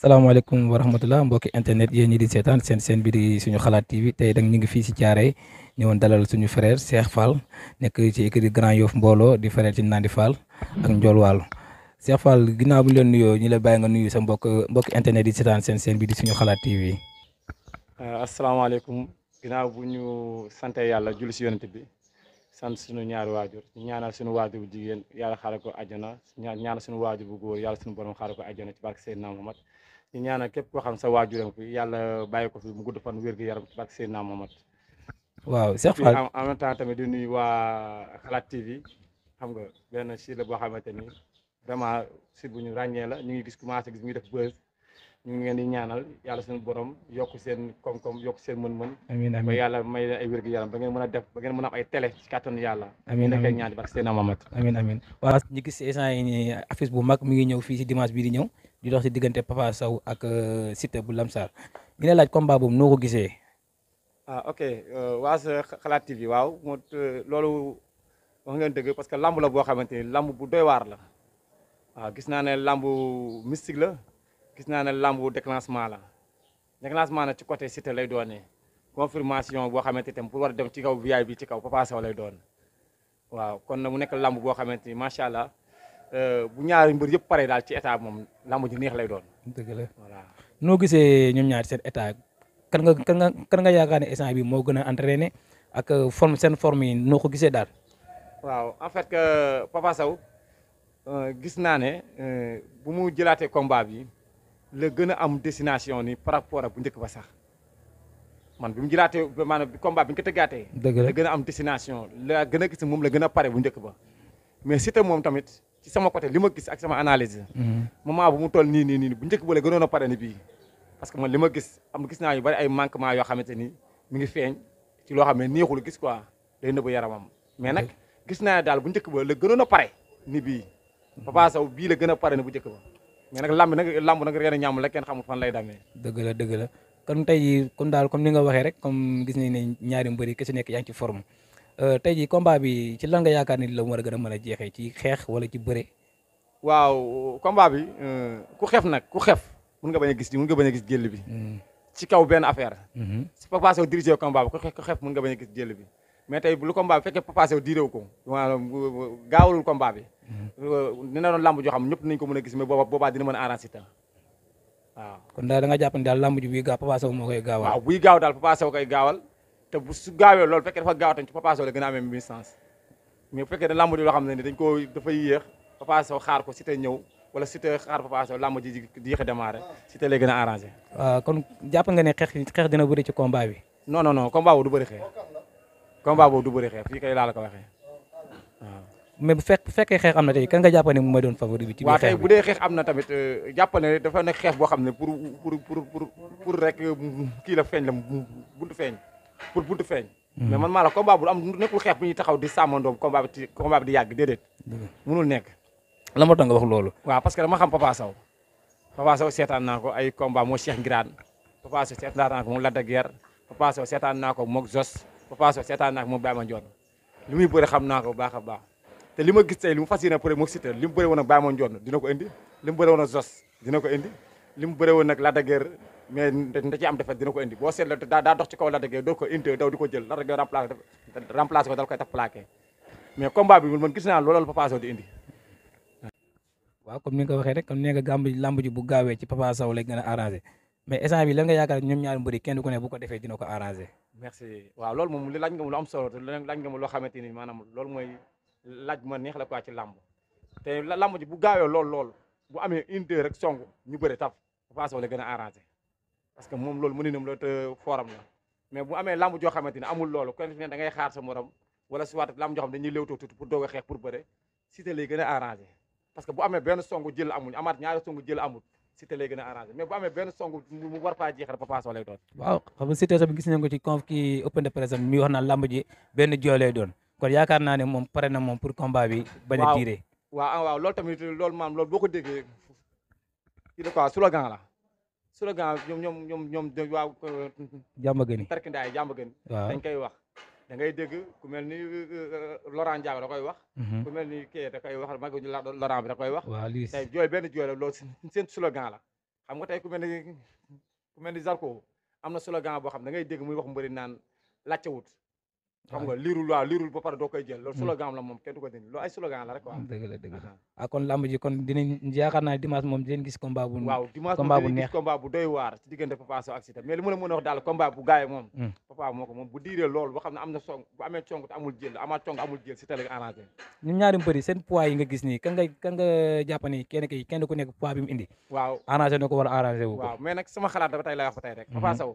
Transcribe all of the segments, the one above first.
salaamaaleykum wa rahmatulah mbokki internet yéen ñi di seetaan seen seen bi di suñu xalaat TV tey dag ñu ngi fii si Thiaroye ñëwoon dalal suñu frère seex Fall nekk ci écurie Grand Yoff mbooloo di frère ci Nandi Fall ak Ndiol Waalo Cheikh Fall ginnaaw bi ñu leen nuyoo ñu la bàyyi nga nuyu sa mbokk mbokki internet yi seetaan seen seen bi di suñu xalaat TV. Euh, asalaamaaleykum ginnaaw bu ñu sant yàlla julli si yonent bi sant suñu ñaari waajur ñaanal suñu waajur bu jigéen yàlla xaaral ko àjjana ñaanal suñu waajur bu góor yàlla suñu borom xaaral ko àjjana ci barke Seydina ma ñu ñaanal képp koo xam sa waajuram fi yàlla bàyyi ko fi mu gudd fan wér gi yaram en même temps tamit nuyu waa Xalaat TV xam nga benn si boo xamante ni vraiment si bu ñu ràññee la ñu ngi gis commencé gis ngi def buzz ñu ngi leen di ñaanal yàlla seen borom yokk seen koom-koom yokk seen mën-mën. amiin amiin ba yàlla may leen ay wér gu yaram ba ngeen mën a def ba ngeen mën a am ay télé ci kàttanu yàlla. amiin amiin ñaan di barke seen amamat. amiin amiin waaw ñu gis si instant yi nii affiche bu mag mi ngi ñëw fii si dimanche bii di ñëw. di dox si diggante Papa Sow ak euh, Siteu bu Lamsar ñu ne laaj combat boobu noo ko gisee. ah ok euh, waa sa xalaat TV waaw moo euh, loolu wax ngeen dëgg parce que lamb la boo xamante ni lamb bu doy waar la waaw ah, gis naa ne lamb mystique la gis naa ne lamb déclancement la déclenchement na ci côté Siteu lay doonee confirmation boo xamante ni tam pour war dem ci kaw VIP bi ci kaw Papa Sow lay doon waaw kon mu nekk lamb boo xamante ni macha allah. Euh, bu ñaari mbër yëpp pare daal ci état moom làmb ji neex lay doon. dëgg la voilà. noo gisee ñoom ñaar seen état kan nga kan nga kan nga yaakaar ne instant bi moo gën a entraîné ak euh, forme seen forme yi noo ko gisee daal. waaw en fait que Papa Sow euh, gis naa ne bu mu jëlaatee combat bi la gën a am destination ni par rapport ak bu njëkk ba sax man bi mu jëlaatee maanaam combat bi nga ko tëggaatee. dëgg la la gën a am destination la gën a gis moom la gën a pare bu njëkk ba. mais Siteu moom tamit ci sama côté li ma gis ak sama analyse. Mhm. moment bu mu toll nii nii nii bu njëkk boole gënoon a pare ni bii. ma gis am gis naa yu ay manquement yoo xamante ni mi ngi feeñ ci loo xam ne neexul gis quoi day nëbbu yaramam mais nag gis naa daal bu njëkk ba la gënoon a pare ni bii. Papa Sow bii la gën pare ni bu njëkk ba mais nag lamb nag lamb nag reer a ñàmm la kenn xamul fan lay demee. dëgg la dëgg la kon tey kon daal comme ni nga waxee rek comme gis nañ ne ñaari mbër yi ku nekk yaa ngi ci Euh, tey jii combat bi ci lan yaakaar ni la mu war a gën a mën a jeexee ci xeex wala ci bëre. waaw combat bi euh, ku xef nag ku xef mun nga bañ a gis mun nga bañ a gis jël bi. Hmm. ci kaw benn affaire. Hmm. si Papa Sow dirigé combat bi ku xef ku xef nga bañ a gis jël bi mais tey bu lu combat bi fekkee Papa Sow diiréew ko maanaam euh, gaawalul combat bi. Hmm. dina doon lamb joo xam ñëpp nañ ko mën a gis mais boobaa dina mën a arrangé tam waaw. kon daal da nga jàpp ne daal lamb buy gaaw Papa moo koy gaawal. waaw buy gaaw daal Papa Sow koy gaawal. te bu su gaawee loolu fekkee dafa gaaw a ci Papa la gën a amee mi sens bu fekkee da làmb ji xam ne dañ ko dafa yéex Papa xaar ko Siteu ñëw wala Siteu xaar Papa Sow làmb ji di yéex a démarré Siteu lay gën a arrangé. waaw ah, kon jàpp ne xeex xeex dina bëri ci combat bi. non non non combat boobu du bëri xeex combat boobu du bëri xeex fii kay laa la ko waxee waaw. mais bu fekk bu fekkee am na tey kan jàpp ne moom mooy doon bu dee xeex am na tamit euh, jàpp ne dafa nekk xeex boo xam ne pour pour pour pour rek euh, kii la feeñ la buntu feeñ pour buntu feeñ. mais man maa la combat bu am nekkul xeex bu ñuy taxaw di sàmmandoom combat bi combat bi di yàgg déedéet. munul nekk. la ma tax nga wax loolu. waa parce que dama xam Papa Sow. Papa seetaan naa ko ay combat moo Cheikh Ngiraan Papa Sow seetaan naa ko moom Lac de seetaan naa ko moom Zos Papa Sow seetaan naa ko moom Baye Mandione muy bëre xam naa ko bu baax a baax te li ma gis tey li mu fas yéene pour moom Siteu li mu bëre woon ak Baye Mandione dina ko indi li mu bëre woon ak Zos dina ko indi li mu bëre woon ak Lac de mais da ci am defet dina ko indi boo seetloo daa dox ci kaw Lac de daw di ko jël Lac de Guiers remplacé ko dal koy taf plaqué mais combat bi man gis naa loolal Papa comme ni ko waxee rek comme ni nga gàmb làmb bu gaawee ci Papa Sow lay gën a arrangé mais instant bi lan nga yaakaar ñoom ñaari mbëri kenn ku ne bu ko defee dina ko arrangé merci waaw loolu moom li laaj nga mu lu am solo laaj nga mu loo xamante ni maanaam loolu mooy laaj ma neex la quoi ci làmb te làmb ji bu gaawee lool lool bu amee une rek song ñu bëri taf Papa Sow lay gën a arrangé parce que moom loolu mëninam la te fooram la mais bu amee lamb joo xamante ni amul loolu kon ne da ngay xaar sa morom wala soit lamb joo dañuy léewtoo tuuti pour doog a xeex pour bëre Siteu lay gën a arrangé parce que bu amee benn songu jël amuñ amaat ñaari songu jël amul a arrangé mais bu amee benn songu mu war faa jeexal Papa Sow doon waaw xam nga Siteu sax gis nañ ko ci conf ki open de presse mi wax naa lamb ji benn joo doon kon yaakaar naa ne moom pare na moom pour combat waaw waaw loolu tamit loolu maam boo ko déggee kii de quoi la slogan ñoom ñoom ñoom ñoom waaw. Euh, jàmba gën yi tarkindaay jàmba gën. waaw dañ koy wax. da ngay dégg ku mel ni euh, euh, Laurent Diago da koy wax. Mhm. ku mel ni kii da koy wax maguñu Laurent bi da koy wax. waaw lii tey jooy benn jooy la loolu seen slogan la. xam nga tey ku mel ni ku mel ni Zarko am na slogan boo xam da ngay dégg muy wax mbëri naan laajte wut. xam nga liirul waaw liirul ba pare doo koy jël loolu hmm. slogan la moom kenn du ko dindi loolu ay slogan la rek waaw dëgg la dëgg la ah kon lamb ji kon dinañ yaakaar naa dimanche moom dinañ gis combat bu waaw dimanche combat bu neex combat bu doy waar ci diggante Papa Sow ak Siteu mais li mu la mën a wax daal combat bu gaaye moom hmm. Papa moo ko moom bu diiree loolu ba xam ne am na song bu amee cong te amul jël amaat cong amul jël Siteu la arrangé ñun ñaari mbër yi seen poids yi nga gis nii kan nga kan nga jàpp ni kenn kay kenn ku nekk poids bi mu indi waaw arrangé na ko wala arrangé wu ko waaw mais nag sama xalaat dafa tey lay wax ba tey rek hmm. Papa Sow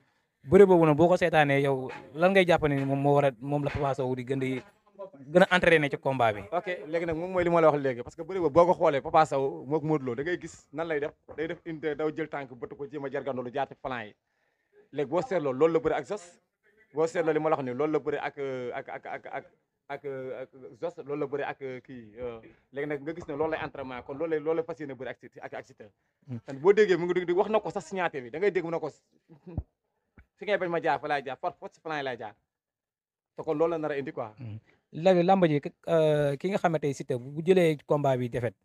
bëre boobu nag boo ko seetaanee yow lan ngay jàpp ne moom moo war a moom la Papa Sow di gën di gën a entraîné bi. ok léegi nag moom mooy li ma la wax léegi parce que bëre boobu boo ko xoolee Papa Sow mook Modou Lo da ngay gis nan lay def day def unité daw jël tànk bëtt ko jéem a jargandoo lu jaar ci plan boo seetloo loolu la bëre ak Zoss boo seetloo li ma la wax nii loolu la bëre ak ak ak ak loolu la bëre ak kii euh, léegi nag nga gis ne loolu lay entraînement kon lool lay loolu la fas yéene ak ak ak Siteu. Hmm. boo déggee mu ngi wax na ko sax signaté bi da ngay dégg na ko fi ngay bañ ma jaar fa laay jaar par force plan yi laay jaar te kon loolu la nar a indi quoi. Hmm. léegi làmb ji euh, ki nga xamante ne Siteu bu jëlee combat bi defet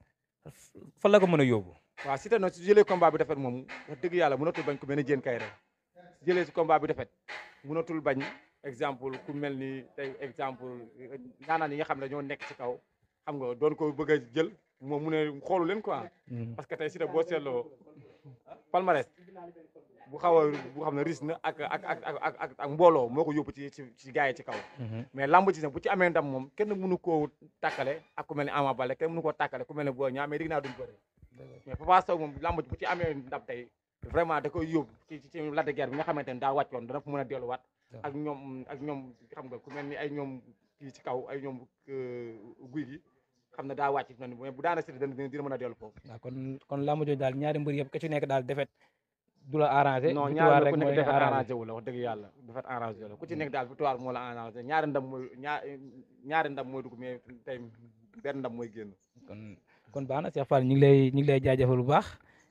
fan la ko mën a yóbbu. waaw Siteu nag su jëlee combat bi defet moom wax dëgg yàlla mënatul bañ ku mel ni Diène Kaïré jëlee si combat bi defet mënatul bañ exemple ku mel ni exemple naanaan yi nga xam ne ñoo nekk ci kaw xam nga doon ko bëgg a jël moom mu ne xoolu leen quoi. Hmm. parce que tey Siteu boo seetloo palmarès bu xaw a bu xam ne risque na ak ak mbooloo moo ko yóbbu ci ci ci yi ci kaw. Mhm. mais lamb ci nag bu ci amee ndam moom kenn mënu koo tàkkale ak ku mel ne Ama Baldé kenn mënu koo tàkkale ku mel ne Boy Niang mais dégg naa duñ bëri. mais Papa Sow moom lamb bu ci amee ndam tey vraiment da koy yóbbu ci ci ci laajte guerre bi nga xamante ne daa wàccoon dana ko mën a delluwaat. ak ñoom ak ñoom xam nga ku mel ni ay ñoom kii ci kaw ay ñoom euh, guy gi. xam na daa wàcc bu daana sëriñ dina mën a dellu foofu. waaw kon kon làmb jooju daal ñaari mbër yëpp ku ci nekk daal defet du la arrangé. non ñaar rek mooy arrangé wu la wax dëgg yàlla dafa arrangé ku ci nekk daal victoire moo la arrangé ñaari ndam mooy ñaari ndam mooy dugg mais tey benn mooy génn. kon kon baax na Cheikh Fall ñu ngi lay ñu ngi lay jaajëfal bu baax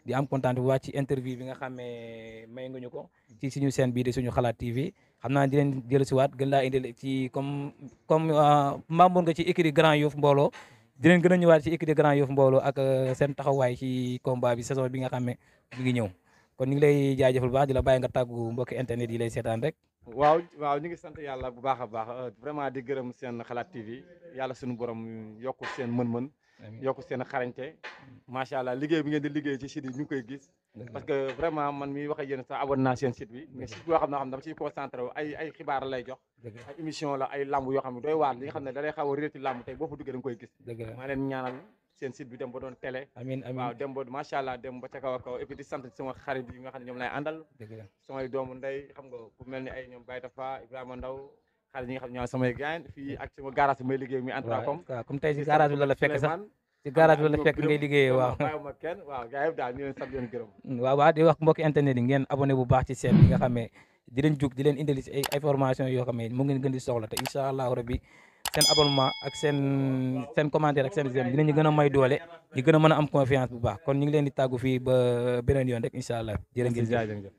di am kontaan bu baax ci interview bi nga xam may nga ñu ko ci suñu seen bii di suñu xalaat TV xam naa di leen jëlsiwaat gën laa indil ci comme comme euh, membre nga ci écurie Grand Yoff mbooloo. di leen gën a ñëwaat ci écurie Grand Yoff mbooloo ak euh, seen taxawaay ci combat bi saison bi nga xam ne mi ngi ñëw. kon ñu ngi lay jaajëfal bu baax di la nga tàggu mbokki internet yi lay seetaan rek. waaw waaw ñu ngi sant yàlla bu baax a baax euh, vraiment di gërëm seen xalaat TV yàlla suñu borom yokk seen mën-mën. yokk seen xarañte macha allah liggéey bi ngeen di liggéey ci site yi ñu ngi koy gis. parce que vraiment man mi wax ak sax abonné seen site bi. mais site boo xam dama ciy concentré ay ay xibaar lay jox. ay émission la ay lamb yoo xam ne doy waar li nga xam ne da lay xaw a réeti lamb tey boo fa duggee koy gis. maa leen ñaanal seen site bi dem ba doon télé. amiin amiin waaw dem ba macha allah dem ba ca kaw a kaw et puis di sant sama xarit yi nga xam ñoom laay àndal. dëgg la doomu ndey xam nga ku mel ni ay ñoom Baye Tafa Ibrahima xarit yi may liggéey mi Antracom. waaw comme tey si garage bi fekk sax ci garage fekk ngay liggéeyee waaw. bàyyiwuma daal ñu leen sant leen internet ngeen abonné bu baax ci seen nga xam ne di leen jug information yoo xam ne mu soxla te incha allahu rabbi seen abonnement ak seen seen commentaire ak seen j'aime dinañu gën a may doole ñu gën a mën a am confiance bu baax kon ñu ngi leen di tàggu fii ba beneen yoon rek incha allah jërë ngeen jëf